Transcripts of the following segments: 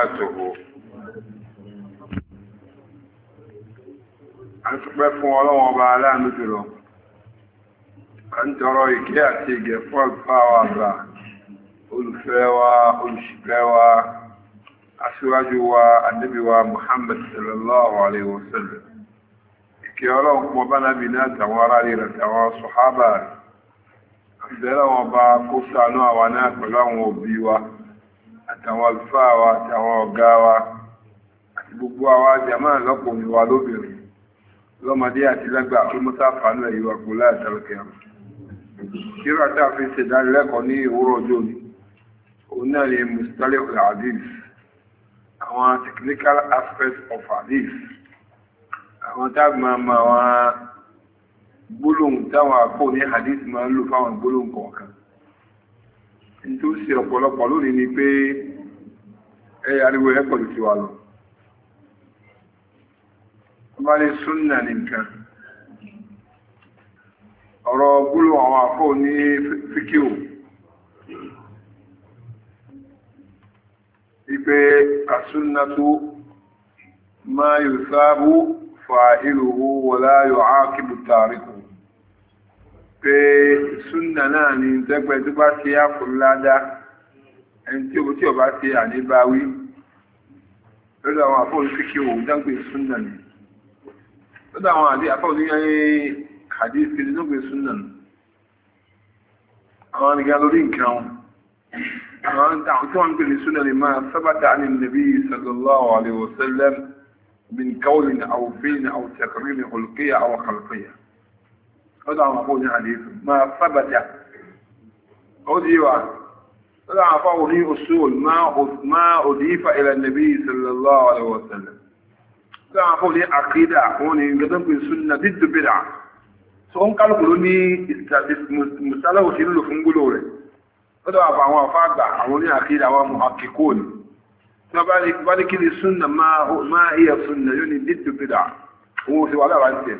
وبركاته àtúpẹ́ fún ọlọ́wọ́ ọba aláàánú jùlọ a ń tọrọ ìkẹ́ àti ìgẹ̀ fún àgbáwà àgbà olùfẹ́ wa olùṣìpẹ̀ wa aṣíwájú wa ànábì wa Muhammad sallallahu alaihi wasallam ìkẹ́ ọlọ́run kún ọba náà bí náà wọn bá kó ṣàánú àwa náà pẹ̀lú àwọn òbí wa àtàwọn àlùfáà wa àtàwọn ọ̀gá wa àti gbogbo àwa jàmáà lọ́kùnrin wa lóbìnrin lọ́mọdé àti lágbà ọmọta fàánù ẹ̀yọ láàtàlùkẹ́ technical aspects of hadith àwọn táàgbà máa àwọn gbólóhùn táwọn àpò ní hadith máa ń lò fáwọn gbólóhùn kọ̀ọ̀kan tó ṣe ọ̀pọ̀lọpọ̀ lónìí ni pé ẹ ariwo ẹ pọ̀lú ti wà lọ ọba ní súnnà nìkan ọ̀rọ̀ gúlò àwọn àfọ́ ní fíkíò ipe asúnnàtú máa yóò sáábú fa ìlú wọlá yóò ákìbù tàríkù pé súnà náà ni tẹ́gbẹ́ tó bá ṣe àkùnládá ẹni tí o tí o bá ṣe àníbáwí lọ́dọ̀ àwọn àfọ́ oníṣẹ́kí òun dágbé súnà ni lọ́dọ̀ àwọn àdí àfọ́ oníṣẹ́ àdíṣe ní dágbé súnà ni àwọn nìkan lórí nǹkan àwọn tí wọ́n ń pè ní súnà ni máa sábàtà ní nàbí sallallahu alaihi wasallam min kawlin aw fi'lin aw taqririn hulqiyya aw khalqiyya lọ́dọ̀ àwọn àpò ní àdìsù máa fábàtà ó di wà lọ́dọ̀ àwọn àpò ní usul máa òdìífà ila nabi sallallahu alaihi wasallam lọ́dọ̀ àwọn àpò ní àkídà wọn ni gẹ́gẹ́ pé sunna dídú bìdà tó ń kálukú ló ní mùsálà òṣèlú lò fún gbólóò rẹ̀ lọ́dọ̀ àwọn àfá àgbà àwọn ní wọ́n bá ní kí ni sunna máa iya sunna yóò ní dídú bìdà ò sì wà lára ń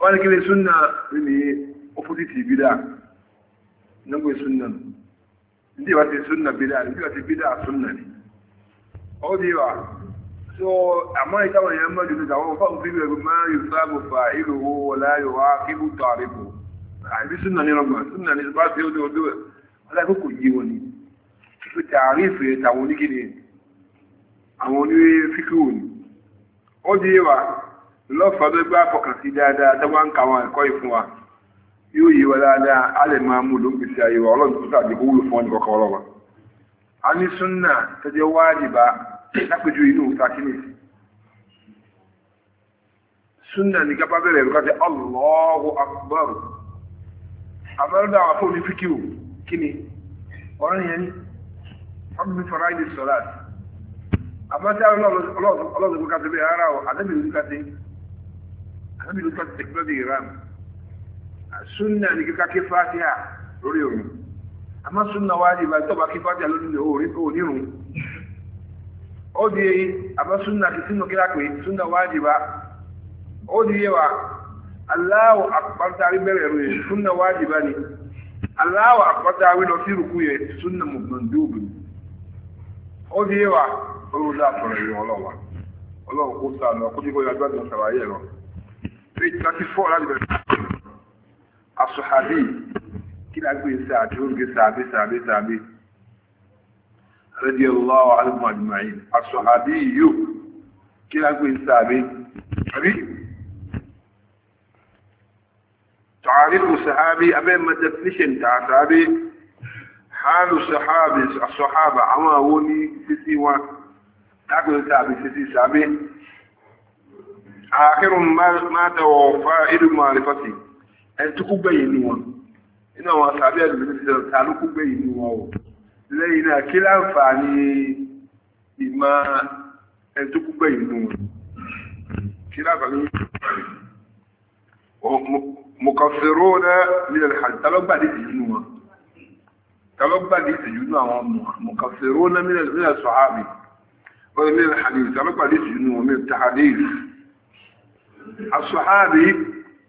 wọ́n ní kí lè súnà ní ọ̀fúdìtì bídà nígbà súnà ndí wá ti súnà bídà ndí wá ti bídà súnà ni ó di wa so àmọ́ ìtawọ̀ yẹn mọ́ jùlọ àwọn fáwọn fílẹ̀ ẹgbẹ́ máa yóò sáàbò fà ìlú owó wọlá yóò wá kí ó tọ́ àríkù àbí súnà ní ọgbà súnà ní bá ti ó dé odó ẹ̀ ọlọ́kọ̀ kò yí wọn ni fi tààrífù yẹn tàwọn oníkìní àwọn onífíkì wọn ni ó di wa lọ́fà gbé àfọkàn dáadáa tẹ́wọ́n ń kàwọn ẹ̀kọ́ ìfún wa yóò yí dáadáa a lè máa mú ló ń pèsè ayé wa ọlọ́run tó tàbí wúlò fún ọlọ́wà. a ní súnà tó jẹ́ wájìbá lápẹjù inú sàkínì súnà ní kápá bẹ̀rẹ̀ ẹ̀rọ kájẹ́ Allahu Akbar àbẹ́rẹ́dà wà ọ̀rọ̀ yẹn fara àbí ló tọ́tí tẹ̀kílọ́dì ìram súnà ní kíkà kí fàtíà lórí òun àmọ́ súnà wá di ìbàdí tọ́ba kí fàtíà lórí òun ó di eyi àmọ́ sunna ti sínú kíkà pé súnà wá di ìbá ó di yé wa aláwọ̀ àpátárí bẹ̀rẹ̀ rẹ̀ súnà wá di ìbá ni aláwọ̀ àpátárí lọ sí ìrùkú yẹ súnà mọ̀gbọ̀ndóòbù ó di yé wa ó lọ́wọ́ sọ̀rọ̀ ìrìn ọlọ́wà ọlọ́wọ́ kó sáà lọ kó tí kó yọ agbádùn sàwáyé lọ page thirty four láti bẹ̀rẹ̀ asọ̀hàbí kí la gbé sáà tí ó ń gbé sàbí sàbí sàbí radiyallahu anhum ajma'in asọ̀hàbí yóò kí la gbé sàbí àbí تعريف الصحابي أبي ما definition تاع صحابي حال الصحابي الصحابة أما هوني سيسي وان تاكل صحابي سيسي صحابي àkírùn máta wọ fa irin mọ̀rífàtì ẹni tó kúgbẹ̀ yìí ni wọn iná wọn tàbí ẹ̀dùn ti sọ̀rọ̀ ta ló kúgbẹ̀ yìí ni wọn o lẹ́yìn náà kí láǹfààní ìmọ̀ ẹni tó kúgbẹ̀ yìí ni wọn kí láǹfààní mọ̀kànfẹ̀rọ̀ náà nílẹ̀ àtàlọ́gbàdì yìí ni wọn àwọn mọ̀kànfẹ̀rọ̀ náà nílẹ̀ sọ̀hábì wọ́n nílẹ̀ àdìsí tàlọ́gbàdì yìí ni wọn mẹ́ta àdìsí الصحابي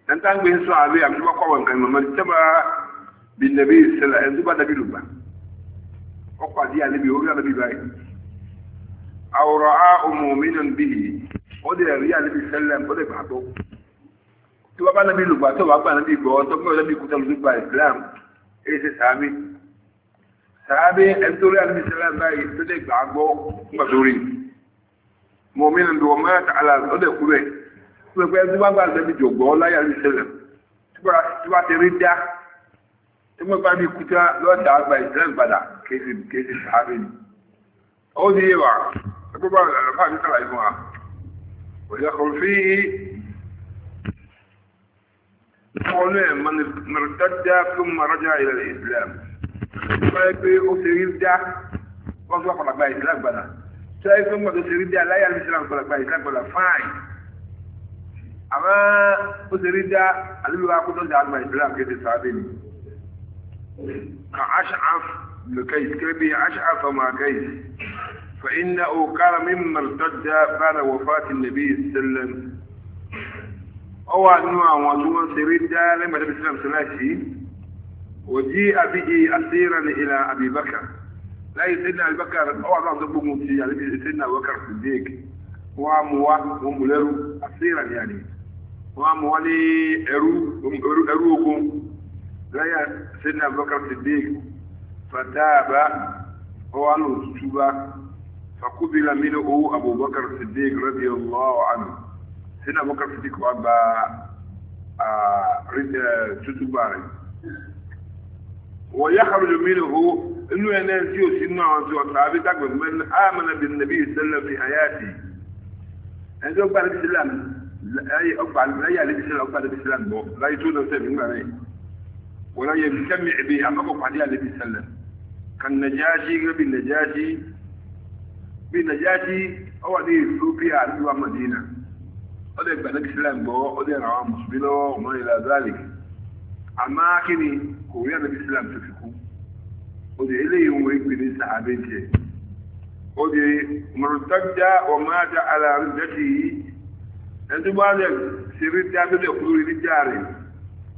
أنت أنقل الصحابي أمشي بقوة كلمة من اتبع بالنبي صلى الله عليه وسلم نبي لبا أقوى دي نبي ولا نبي باي أو رأى مؤمنا به ودي ريا نبي صلى الله عليه وسلم tí wọ́n bá nàbí lùgbà tó wà gbà nàbí gbọ́ tó gbọ́ nàbí kúta lùdú gba islam èyí ṣe sàábì sàábì ẹ̀ńtórí àdébí sẹ́lẹ̀ báyìí tó dẹ̀ gbà gbọ́ gbàdúrí mọ̀mí nàbí wọ́n mẹ́ta àlà gbogbo ẹni wá gbà lẹ́bi jọ̀gbọ́ láyà ní sẹlẹ̀ tí wàá ti rí dá tí wọ́n bá ní kúta lọ́dà àgbà ìsìlẹ̀m padà kéde kéde sàárè ni. ó ní yé wa ẹgbẹ́ bá àlàfà mi sàlàyé fún wa òyìnbó kò fi ọ̀nà ẹ̀ mọ̀nàdá fún mọ̀nàdá ilẹ̀ ìsìlẹ̀m tí wọ́n pé ó ti rí dá wọ́n tún wà padà gba tí wọ́n yẹ pé ti rí dá láyà ní sẹlẹ̀m padà gba ìsìlẹ̀m fáìn. àmọ́ ó ti rí já àlébíwá kó tó ń jà àlùmá ìsìlámù kéde sáábì ni ka ash'af كبي أشعف مع كيس فإنه كان مما ارتد بعد وفاة النبي صلى الله عليه وسلم أو أنواع وزوان سريد لما تبي سلام سلاسي وجيء به أسيرا إلى أبي بكر لا يسيدنا أبي بكر أو أنواع ضبه موسي يعني سيدنا أبي بكر الصديق وعموا وملر أسيرا يعني wọ́n mú wọ́n ní ẹrú ogun lẹ́yà sẹ́dínà bọ́kàr sídìk fàdáàbá ọwọ́ àná òtútúbá fàkúbìlà mílò owó abubakar sídìk rẹ́bí ọlọ́ọ̀ àná sẹ́dínà bọ́kàr sídìk wà bá tútúbá rẹ̀ wọ́n yá kàrọ̀jù mílò owó inú ẹ̀ náà tí ò sí inú àwọn tí ọ̀tá àbí dàgbẹ̀ mẹ́rin àmàlà bìnnàbí ìṣẹ̀lẹ̀ fi àyà dì ẹjọ́ gbàdúrà sílẹ̀ láyé àlebi sílẹ̀ ọgbà àlebi sílẹ̀ bọ̀ láyé tó lọ sẹ́mi ńgbà rẹ̀ wọ́n láyé kẹ́mi ẹ̀bí àmọ́kọ̀ pàdé àlebi sílẹ̀ kan nàjáàjì gẹ́bí nàjáàjì bí nàjáàjì ọwọ́ ní ethiopia àti wa madina ó lè gbà àlebi sílẹ̀ bọ̀ ó lè ràn wá mùsùlùmí lọ́wọ́ ọmọ ìlà zálì àmọ́ kí ni kò rí àlebi sílẹ̀ tó fi kú ó lè eléyìí wọn ìpè ní sàábẹ́ jẹ ó lè mọ̀rọ̀tọ́jà ọmọ àjà alárùbẹ́tì yìí ẹni bá lẹ ṣeré tí a bẹ lẹ kúrò ní járe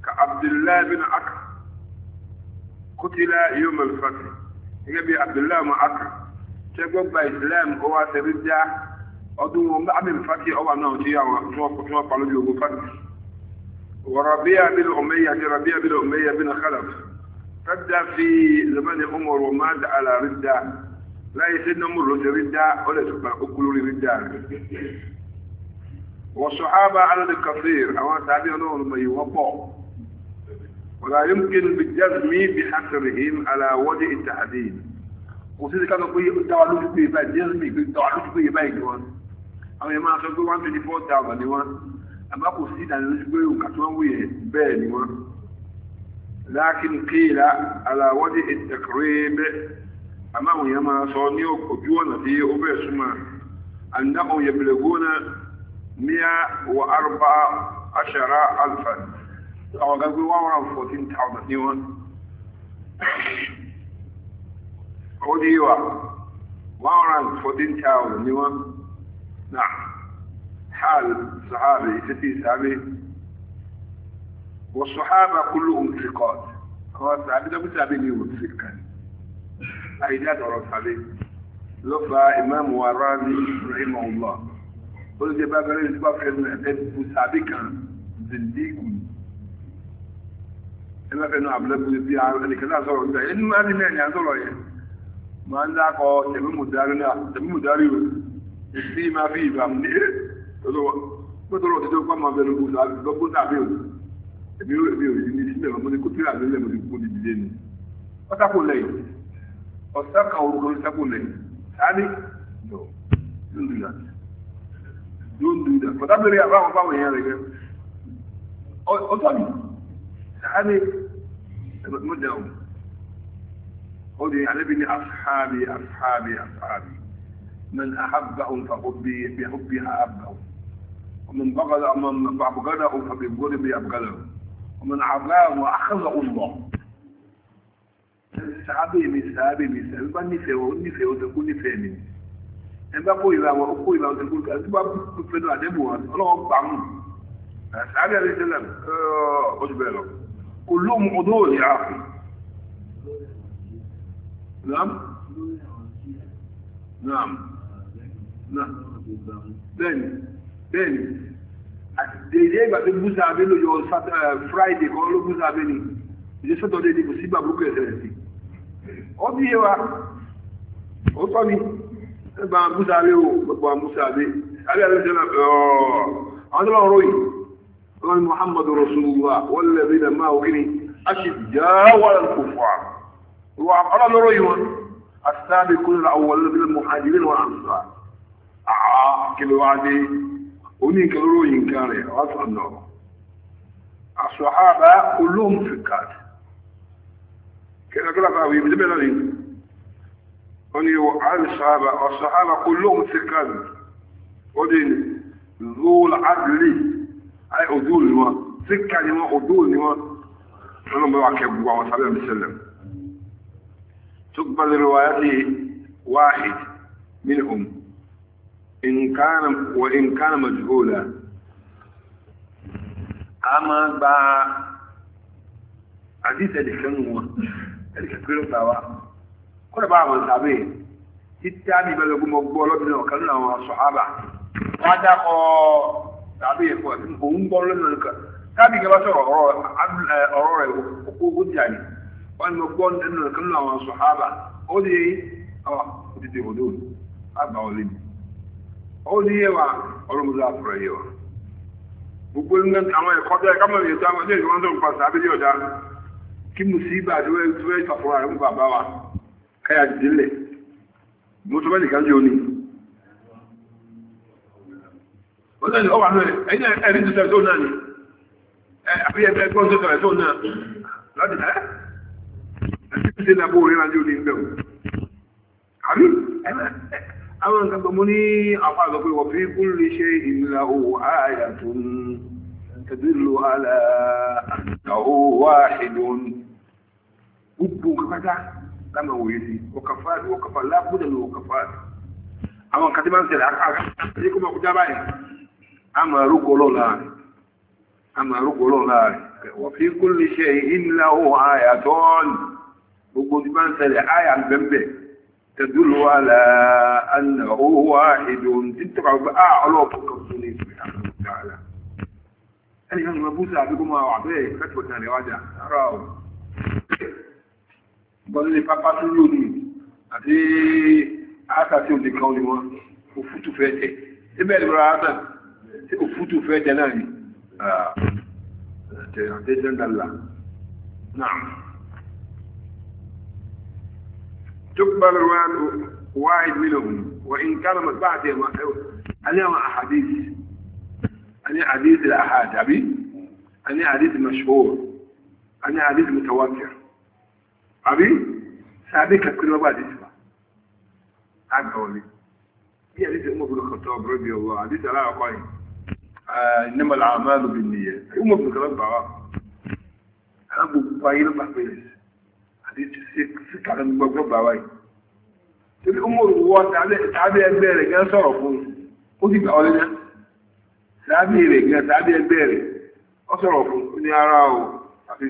ka abdullahi bin aka kutila yom alfati gẹ́gẹ́ bí abdullahi bin aka tẹ gbọ gba islam ó wá ṣeré já ọdún wọn bá abẹ fati ọwà náà tí àwọn tí wọn pa lójú ogun fati وربيع بن أمية ربيع بن أمية بن خلف رد في زمن عمر ومات على ردة لا يسن عمر ردة ولا تبقى أكل ردة والصحابة على الكثير أو تابعين لهم يوقع ولا يمكن بالجزم بحصرهم على وجه التحديد وسيدي كانوا يقول التعلق في بيت جزمي التعلق في بيت وان أما يما سيقول 124,000 وان أما أقول سيدي أن يجبوا كتوان ويبين وان لكن قيل على وجه التقريب أما يما صنيوك وجوانا فيه أبسما أنهم يبلغون مئة وأربعة عشر ألفا أو قبل وراء فوتين تعود نيون عودي وراء فوتين تعود نيون نعم حال صحابي ستي صحابي والصحابة كلهم ثقات هو الصحابي ده متابع ليهم ثقة أي ده صحابي إمام وراني رحمه الله olùdíje bá bẹ̀rẹ̀ ìdíbà fẹ́nu ẹ̀fẹ́ bu sàbí kan zindíkù ẹ bá fẹ́nu àbúlẹ́bù bí ẹnìkan náà sọ̀rọ̀ nígbà ẹni máa ní mẹ́rin àtọ̀rọ̀ yẹn máa ń dákọ̀ tẹ̀mímùdárì o ìsí máa fi ìbàmù ní ẹ̀ gbọ́dọ̀ òtítọ́ pàmò abẹ́rẹ́ bu sàbí o èmi ò èmi ò yí ní sílẹ̀ ọmọdé kó tíra lélẹ̀ mo ti kó ní ìdílé ni ọ̀sákò lẹ́yìn sáré lọ lóńdùlá don't do that. But that's oh, oh, oh, the way around power here again. Ó tọ́bi, sàábì, mo dẹ̀wò. Ó di àlébi ní ashabi, ashabi, ashabi. من أحبهم فحبي بحبي أحبهم. ومن بغض ومن فأبغضهم فبغضبي أبغضهم. ومن عباهم وأخذه الله. Sàábì mi, sàábì mi, sàábì bá nífẹ̀ẹ́ wọn, ó nífẹ̀ẹ́ wọn, ó ẹgbẹ́ kó ìlà wọn kó ìlà wọn tó kúrò kí wọ́n kó pẹ̀lú àdébò wọn ọlọ́wọ́ pa mú àbí àbí tẹ́lẹ̀ ojú bẹ́ẹ̀ lọ kò lóhùn ọdún òní àfún. Naam. Naam. Naam. Bẹ́ẹ̀ni. Bẹ́ẹ̀ni. Dèdè ìgbà tó búza abé lójó Friday kan ló búza abé ni. Ìjọ sọ́tọ̀ dé ni kò sí gbàgbókè ẹ̀sẹ̀ rẹ̀ sí. Ó bí yé wa. Ó tọ́ ni. nígbà músàlé o gbogbo àmúsàlé alẹ́rẹ́sẹ́lẹ̀ àwọn tó lọ́rọ̀ yìí wọ́n ni muhammad rasulullah wọ́n lẹ́bí ilẹ̀ máa wíní a ṣe jáwàrán kò fà wà ọlọ́lọ́rọ̀ yìí wọn àtàbí kúrò àwọn lẹ́bílẹ̀ muhajirin wọn àmúsà àkìlúwádé oní ìkẹlóró yìí nǹkan rẹ̀ wọ́n tó nọ àṣọ̀hábà olóhùn fìkàt kẹ́lẹ́kẹ́lẹ́ ولي وعلى الصحابة والصحابة كلهم ثقان ودين ذو العدل أي أدول ما ثقة لما أدول لما أنا بواكب وعلى صلى الله عليه وسلم تقبل روايته واحد منهم إن كان وإن كان مجهولا أما با حديث اللي كان هو اللي كان kọ́nà bá àwọn ìsàbẹ̀ títí àbí ìbẹ̀rẹ̀ ogun ọgbọ́ ọlọ́dún ọ̀kan nínú àwọn sọ̀hábà wọ́n tàbí ẹ̀kọ́ òun gbọ́ tàbí ìgbà sọ̀rọ̀ ọ̀rọ̀ rẹ̀ òkú ogun wọ́n ni mo gbọ́ nínú ọ̀kan nínú àwọn ó di ọ̀ títí àgbà ọ̀lẹ́ mi ó di ọlọ́mọdé àwọn ẹ̀kọ́ káyà dìílẹ̀ mọ́tọ́bẹ̀lì kan jẹ́ òní ọ̀sán ni ọwà lórí ẹ̀yìn ẹ̀rí tó tẹ̀lẹ̀ tó náà ni àbí ẹgbẹ́ ẹgbọ́n tó tẹ̀lẹ̀ tó náà láti ẹ́ àti ti ṣe nàbó orí rájọ́ àwọn nǹkan tó ní àwọn àgbà pé fi kún lè ṣe ìlà owó ààyà tó ń tẹ̀dúlò àlà àtàwọ̀ wáhìdùn gbogbo nǹkan pátá lánàá wòye sí òkàfà òkàfà lábúdà ló òkàfà àwọn kàtí máa ń tẹ̀lé àkàkà èyí kó máa kú jábá yìí a máa rúkọ ọlọ́run láàrin a máa rúkọ ọlọ́run láàrin wọ́n fi kú lè ṣe ìlà ohun àyà tó ń gbogbo tí máa ń tẹ̀lé àyà bẹ́ẹ̀ tẹ̀dúlù wà láàánà owó wa èdè ohun tí tọ́ka gbogbo a ọlọ́ọ̀kọ́ kan tó ní ìpè àwọn ọ̀gá àlà ẹnì kan ní ma bú bọ́lú lè pápá tó yóò ní àti àtà tí ó lè kan ní wọn òfútù fẹ́ jẹ síbẹ̀ ní bọ́lá àtà tí òfútù fẹ́ jẹ náà ni àtẹ̀jẹ́ ńlá náà tó bá lọ wá واحد منهم وإن كان مطبعة أنا أحاديث أنا حديث الأحاد أبي أنا حديث مشهور أنا حديث متواتر àbí sàbí kẹkẹrẹ ọba àdìsí wa àgbà wọlé bí àdìsí ọmọ òbúrò kan tó ọbúrò bí ọwọ àdìsí aláàkọ yìí ìnámọlá àmàlù bí nìyẹ ọmọ òbúrò kan bá wa alágbogbo ayé ló bá pèlè àdìsí sí kàrẹ́ gbogbo bá wa yìí torí ọmọ òbúrò wọ tàbí ẹgbẹ́ rẹ̀ gẹ́ sọ̀rọ̀ fún ó ti gbà wọlé náà tàbí rẹ̀ gẹ́ tàbí ẹgbẹ́ ọ sọ̀rọ̀ fún ní ara o àfi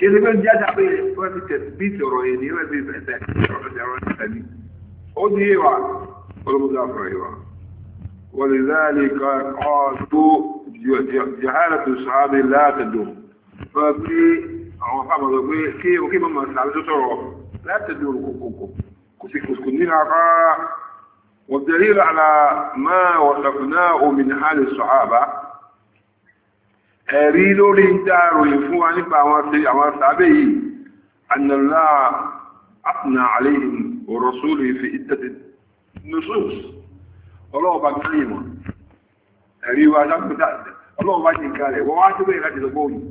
kéde bẹ́ẹ̀ jáde abẹ́ wọ́n ti tẹ̀sí bí sọ̀rọ̀ yẹn ní wọ́n ti fẹsẹ̀ sọ̀rọ̀ sọ̀rọ̀ sẹ́ni ó di yé wa olùmúdà fọ̀rọ̀ yé wa wọ́n lè záàlì kan ọ́ tó jihara tó sàábì látàdó wọ́n pé àwọn fáwọn ọ̀dọ́ pé kí òkè mọ́mọ́ sàábì tó sọ̀rọ̀ látàdó kòkòkò kò sí kòsìkò ní àká wọ́n tẹ̀lé àlà máa wọ̀ ẹ̀rí lórí dáàròyìn fún wa nípa àwọn sàábẹ̀ yìí annàlá àpùnà àléhìn òrọ̀súlù fi ìtẹ̀tẹ̀ nusus ọlọ́ọ̀bá gbáyìn wọn ẹ̀rí wa lápútà ọlọ́ọ̀bá ní nǹkan rẹ̀ wọ́n wá tó bẹ̀rẹ̀ láti lọ́gbọ́ yìí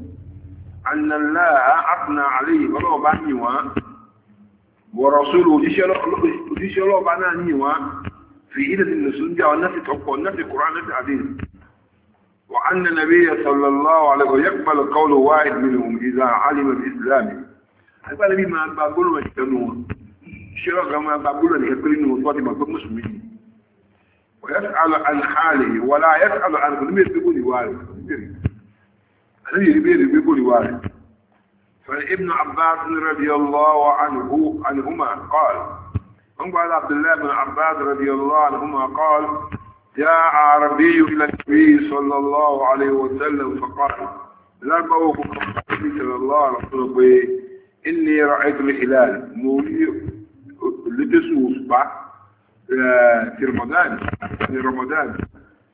annàlá àpùnà àléhìn ọlọ́ọ̀bá ní wọn wọ̀rọ̀súlù òjíṣẹ́ ọlọ́ọ̀bá náà ní wọn fi وأن النبي صلى الله عليه وسلم يقبل قول واحد منهم إذا علم بإسلامه أقبل بما ما ويتنون شرق ما بقول أن يقبلني وصوتي بقول مسلمين ويسأل عن حاله ولا يسأل عن لم يبقوني وارد النبي يبقوني وارد فابن عباس رضي الله عنه عنهما قال هم عبد الله بن عباس رضي الله عنهما قال جاء عربي إلى النبي صلى الله عليه وسلم فقال لا بوك صلى الله عليه وسلم إني رأيت الهلال مولي لتسوس أصبع آه، في رمضان في رمضان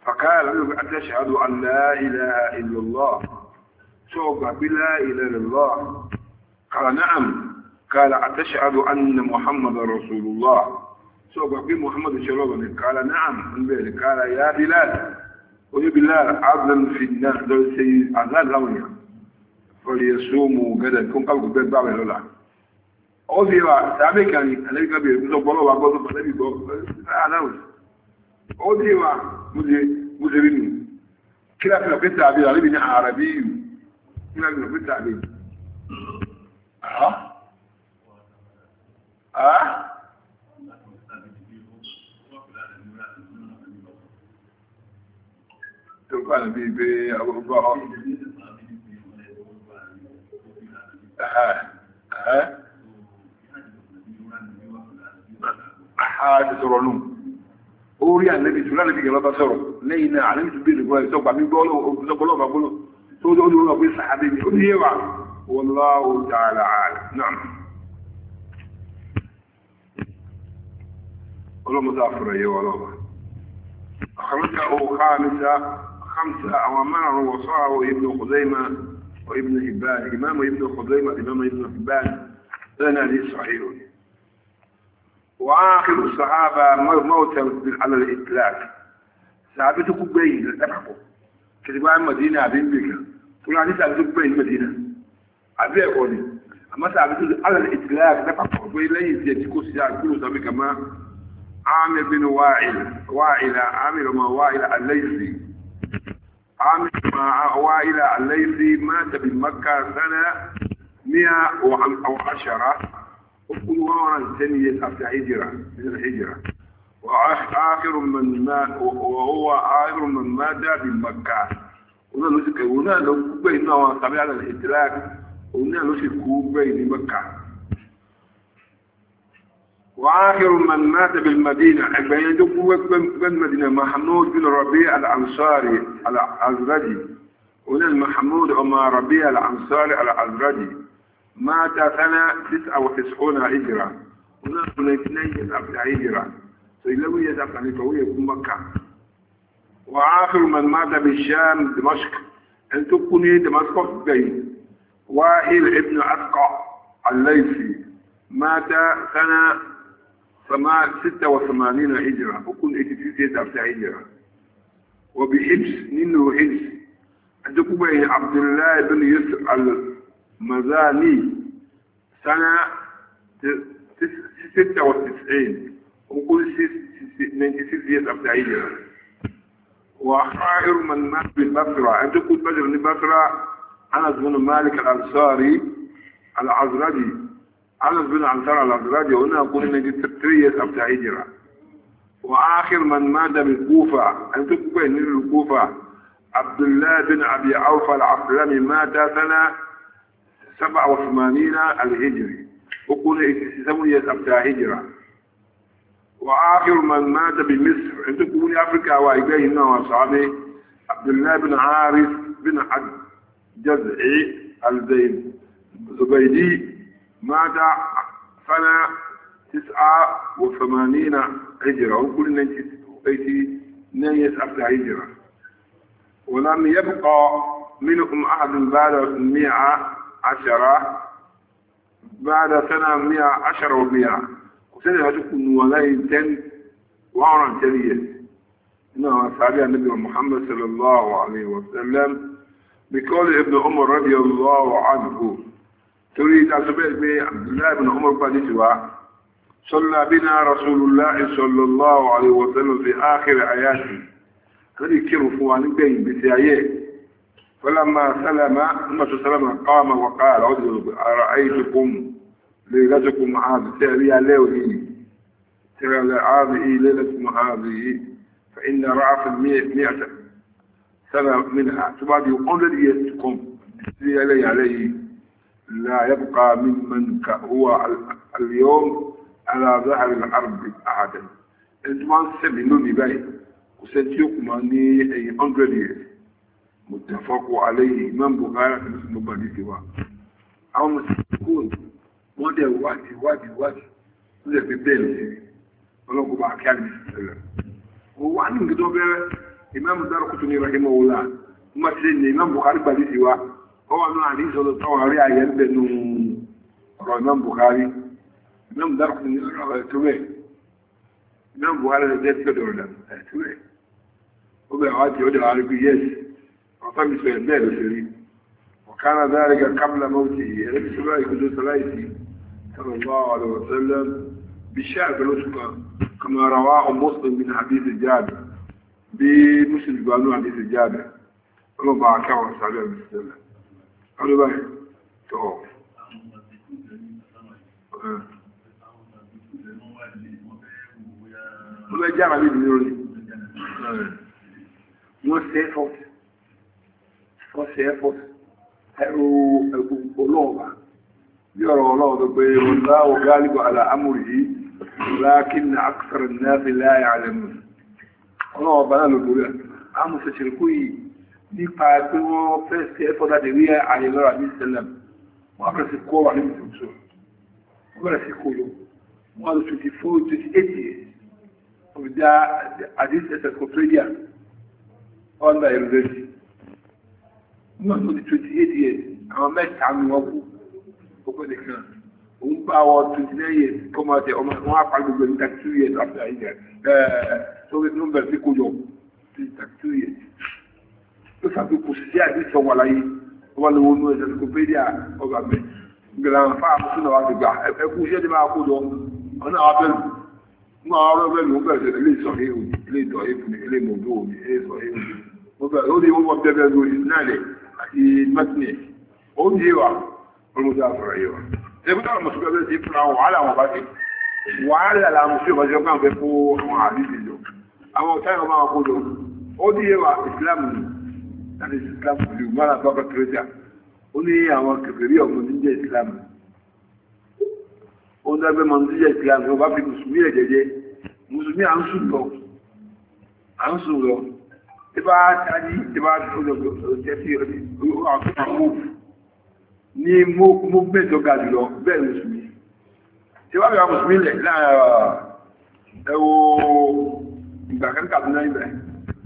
فقال أتشهد أن لا إله إلا الله شوق بلا إله إلا الله قال نعم قال أتشهد أن محمد رسول الله sọ̀gbà pé muhammadu ṣọlọ́gbà ní kààlà náàm ń bẹ̀rẹ̀ kààlà yá bilal oníbilá azan fi náà lọ́rọ̀ sí azan láwọn yàn fọ́lẹ̀ yẹsù mú gẹ́dẹ̀ kó ń kálukú bẹ́ẹ̀ bá rẹ̀ lọ́la ó fi wà sábẹ́ kan ní alẹ́bíkà bẹ̀rẹ̀ kó sọ bọ́lọ́ wa gbọ́dọ̀ pàlẹ́bí gbọ́ tó kọ́ àná bíi pé ọgbọ́ ọ. Àhàdì sọ̀rọ̀ lù. Orí àlẹ́bí tó lálẹ́bí ìgbà bá sọ̀rọ̀ lẹ́yìn náà àlẹ́bí tó bèèrè gbọ́ ìsọ̀gbà mi gbọ́ ọlọ́ọ̀gbọ́lọ́ ọ̀gbà gbọ́lọ́ tó ó ní wọ́n pé sàábé mi ó ní yé wa. Wallahu ta'ala a'lam. Naam. Ọlọ́mọdé àfọ̀rọ̀ yé wa lọ́wọ́. خمسة أو خامسة خمسة أو معه وصاه ابن خزيمة وابن حبان إمام ابن خزيمة إمام ابن حبان لنا لي صحيح وآخر الصحابة موتا على الإطلاق صحابته كبير لتبحقه كتبوا عن مدينة أبين بك كل عديث صحابته كبير مدينة أبي أقولي أما صحابته على الإطلاق لتبحقه وإليه يجيكو سيار كله صحابي كما عامر بن وائل وائل عامر ما وائل الليثي عامل مع وائل الليثي مات بمكة سنة 110 وكل وانا سنية أفت هجرة من الهجرة وآخر من مات وهو آخر من مات بمكة هنا نسك هنا لو كوبي نوع طبيعة الإدراك هنا نسك كوبي بمكة وآخر من مات بالمدينة أبين دقوة مدينة محمود بن ربيع الأنصاري الأزرجي هنا المحمود عمر ربيع الأنصاري الأزرجي مات سنة 99 هجرة هنا من 72 هجرة سيلو يزعب أن يتوي في مكة وآخر من مات بالشام دمشق أن تكوني دمشق بين وائل ابن أسقى الليثي مات سنة ستة وثمانين هجرة وكل 86 أبتا هجرة وبحبس منه حبس عندكم به عبد الله بن يسر المزاني سنة ستة وتسعين وكل 96 هجرة وخائر من مات ببصرة عندكم بجر لبصرة أنا بن مالك الأنصاري العزردي أنس بن عنتر الأبراج هنا يقول إن جيت تريس أبتع هجرة وآخر من مات بالكوفة أنت كوفة من الكوفة عبد الله بن أبي عوف العفلم مات سنة سبع وثمانين الهجري وقول إسمه أبتع هجرة وآخر من مات بمصر أنت كوفة أفريكا وإجاه إنه وصعبه عبد الله بن عارف بن عجزعي الزين زبيدي مات سنة تسعة وثمانين هجرة وكل نجد نيس أفتى هجرة ولم يبقى منهم أحد بعد مئة عشرة بعد سنة مئة عشرة ومئة وسنة هتكون ولاية تن وعرا تنية إنها صحابي النبي محمد صلى الله عليه وسلم بقول ابن عمر رضي الله عنه تريد أن تبعد عبد الله بن عمر قادسوا صلى بنا رسول الله صلى الله عليه وسلم في آخر حياته قد يكروا فوان بين بسيايه فلما سلم ثم سلم قام وقال أرأيتكم ليلتكم هذه تهلي عليه تهلي هذه ليلتكم هذه فإن رأى في المئة سنة منها تبعد يقول لي يتكم عليه عليه لا يبقى ممن هو اليوم على ظهر الأرض أحدا إدمان سبيلوني باي وسنتيوك ماني أي 100 متفق عليه إمام بغارة مسلم بني سوا أو مسكون مودي وادي وادي وادي وزي في بيل ولو كما كان يسلم ووانا نقدر إمام دار قطني رحمه الله ما تجيني إمام بغارة بني هو من عديث الطواري عيال بأنه الإمام بخاري إمام درق من تبعي إمام بخاري زيت كدو لنا تبعي وبعاد يقول العربي يس وطمس في الباب الشريف وكان ذلك قبل موته النبي صلى الله عليه وسلم صلى الله عليه وسلم بالشعب الوسطى كما رواه مسلم من حديث جابر بمسلم قالوا حديث جابر الله بارك وسلم olúbà tó wọ́n bẹ́ jára bí ìlú rí wọ́n ṣe effort wọ́n ṣe effort ẹ̀rù ẹ̀kù olóòwà bí ọ̀rọ̀ ọlọ́wọ́ tó pé wọ́n dá ọ̀gá lígbà aláàmùrì yìí lákín ní nípa pé wọ́n fẹ́ sí ẹ́fọ́ láti rí àyẹ̀lọ́rà ní ìṣẹ̀lẹ̀ wọ́n bẹ̀rẹ̀ sí kó wà ní ìṣòṣò wọ́n bẹ̀rẹ̀ sí kó lò wọ́n lọ 24 28 years ọ̀dá àdìs encyclopedia ọ̀nà ìrẹsì wọ́n lọ 28 years àwọn mẹ́ta ni wọ́n kú ọgbẹ́ nìkan òun bá wọ 29 years kọ́ máa tẹ ọmọ wọn apá gbogbo ní 32 years after ìjà ẹ̀ẹ́d tó ń bẹ̀rẹ̀ sí kó lò 32 years peut à ló sàbí kò sí àdìsọ wà láyé ọba lówó nú ẹsẹ tó pé dí ọgbà bẹ gbẹlẹn fa àmúsùn náà wà ti gbà ẹkú iṣẹ́ tí máa kó lọ ọ̀nà àwọn bẹ́ẹ̀ lù mú àwọn ọ̀rọ̀ bẹ́ẹ̀ lù ó bẹ̀rẹ̀ sẹ́lẹ̀ ilé ìsọ ewu ilé ìdọ̀ ewu ni ilé ìmọ̀ òdò on ilé ìsọ ewu ó bẹ̀rẹ̀ ó ní wọ́n wọ́n bẹ́ẹ̀ bẹ́ẹ̀ lórí náàlẹ̀ àti mẹ́tìnì a ní wa olùdó àfọ̀rọ̀ yìí wa ṣẹ́gun náà mọ̀sùn bẹ́ẹ̀ ti fura wàhálà on bá ti wàhálà la mọ̀sùn bá ti fún àwọn àbí ti lọ àwọn ọ̀tá on máa kó lọ ó ní wa ìsìlámù ni láti ṣe islam pẹ̀lú mara bàbá tẹ̀rẹ́sà ó ní àwọn kẹfẹ́rí ọmọ níjẹ́ islam ó ní ẹgbẹ́ mọ níjẹ́ islam ó bá fi mùsùlùmí ẹ̀ jẹ́jẹ́ mùsùlùmí à ń sùn lọ à ń sùn lọ tí bá tají tí bá lọ jẹ́ sí ọ̀sán move ní movement tó ga jùlọ bẹ́ẹ̀ mùsùlùmí tí wọ́n fi wá mùsùlùmí lẹ̀ láàárọ̀ ẹ̀wọ̀ ìgbà kan kàdúnà ibẹ̀.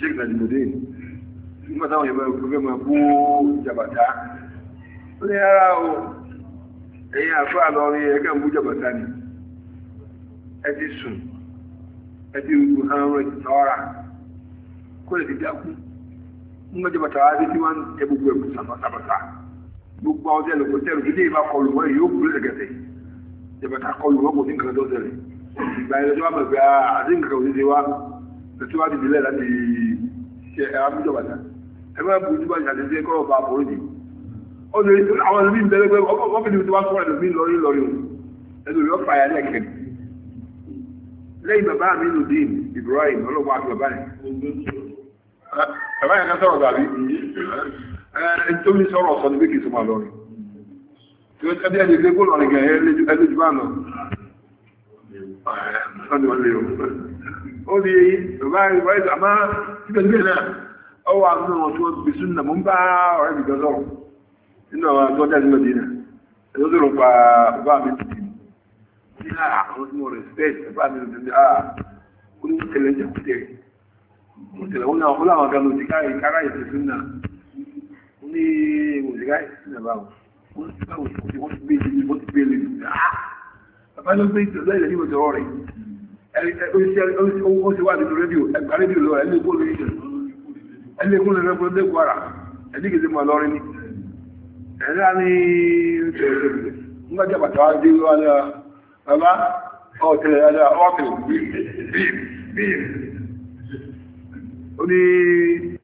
sheik najimudin nígbà táwọn yẹ̀bẹ̀ ìpínlẹ̀ mọ̀ bú jàbàtà ó ní ara o ẹ̀yìn àfá àlọrin ẹ̀kẹ́ ń bú jàbàtà ni ẹ ti sùn ẹ ti rú hàn rẹ̀ tọ́ra kó lè ti dákú nígbà jàbàtà wá dé tí wọ́n ń tẹ gbogbo ẹ̀kú sàbàtà gbogbo àwọn tẹ́lẹ̀ kò tẹ́lẹ̀ kí lè bá kọlù wọ́n yóò kúrò lẹ́gẹ̀dẹ̀ jàbàtà kọlù wọ́n kò ní nǹkan tó tẹ̀lẹ̀ ìgbà ìrẹsì wa mọ̀ pé ah, àti nǹkan kò ní ti wá lọ́tí wá ti dìlẹ̀ láti ṣe àmújọ bàtà ẹ bá bu ojúbà ìyàlẹ́ sí ẹkọ́ ọba àbúrò yìí ó lè àwọn ẹlòmíín bẹ́ẹ̀ pé ọ́fíìsì tí wọ́n sọ̀rọ̀ ẹlòmíín lọ́rí lọ́rí òun ẹlòmíín ọ̀fà yà lẹ́kẹ̀ lẹ́yìn bàbá mi lù dín Ibrahim ọlọ́wọ́ àti bàbá rẹ̀ bàbá yẹn kan sọ̀rọ̀ gàbí ẹ tó mi sọ̀rọ̀ sọ máa lọ́rin tí ó tẹ́bí ẹni gbé kó lọ́rin gẹ̀ẹ́ lójú bá lọ ó rí èyí bàbá ìwà ìlú àmá síbẹ̀síbẹ̀ náà ó wà nínú wọn tí wọ́n fi sún nà mọ́ ń bá ọ̀rẹ́ mi dọ́lọ́ nínú àwọn tó jáde lọ dínà ẹ̀rọ tó rọpa bàbá mi ti ní àwọn tí mo respect bàbá mi ti ní àà ó ní tẹ̀lé jẹ́ kúté mo tẹ̀lé ó náà ó láwọn gan ló ti káyì kára ti káyì sún nà báwo ó ti báwo ti wọ́n ti ó ṣe wà nínú rédíò ẹgbà rédíò lọ́rẹ̀ ẹni kó lórí ẹni kó lórí ẹgbẹ́ ọdẹ kwara ẹni kìí ṣe mọ̀ lọ́rin ni ẹ̀rẹ́ ni ńgbàjẹ́ bàtà wá dé wá lọ́wọ́ bàbá ọ̀tẹ̀lẹ̀ yàrá ọ̀tẹ̀lẹ̀ bíi bíi ó ní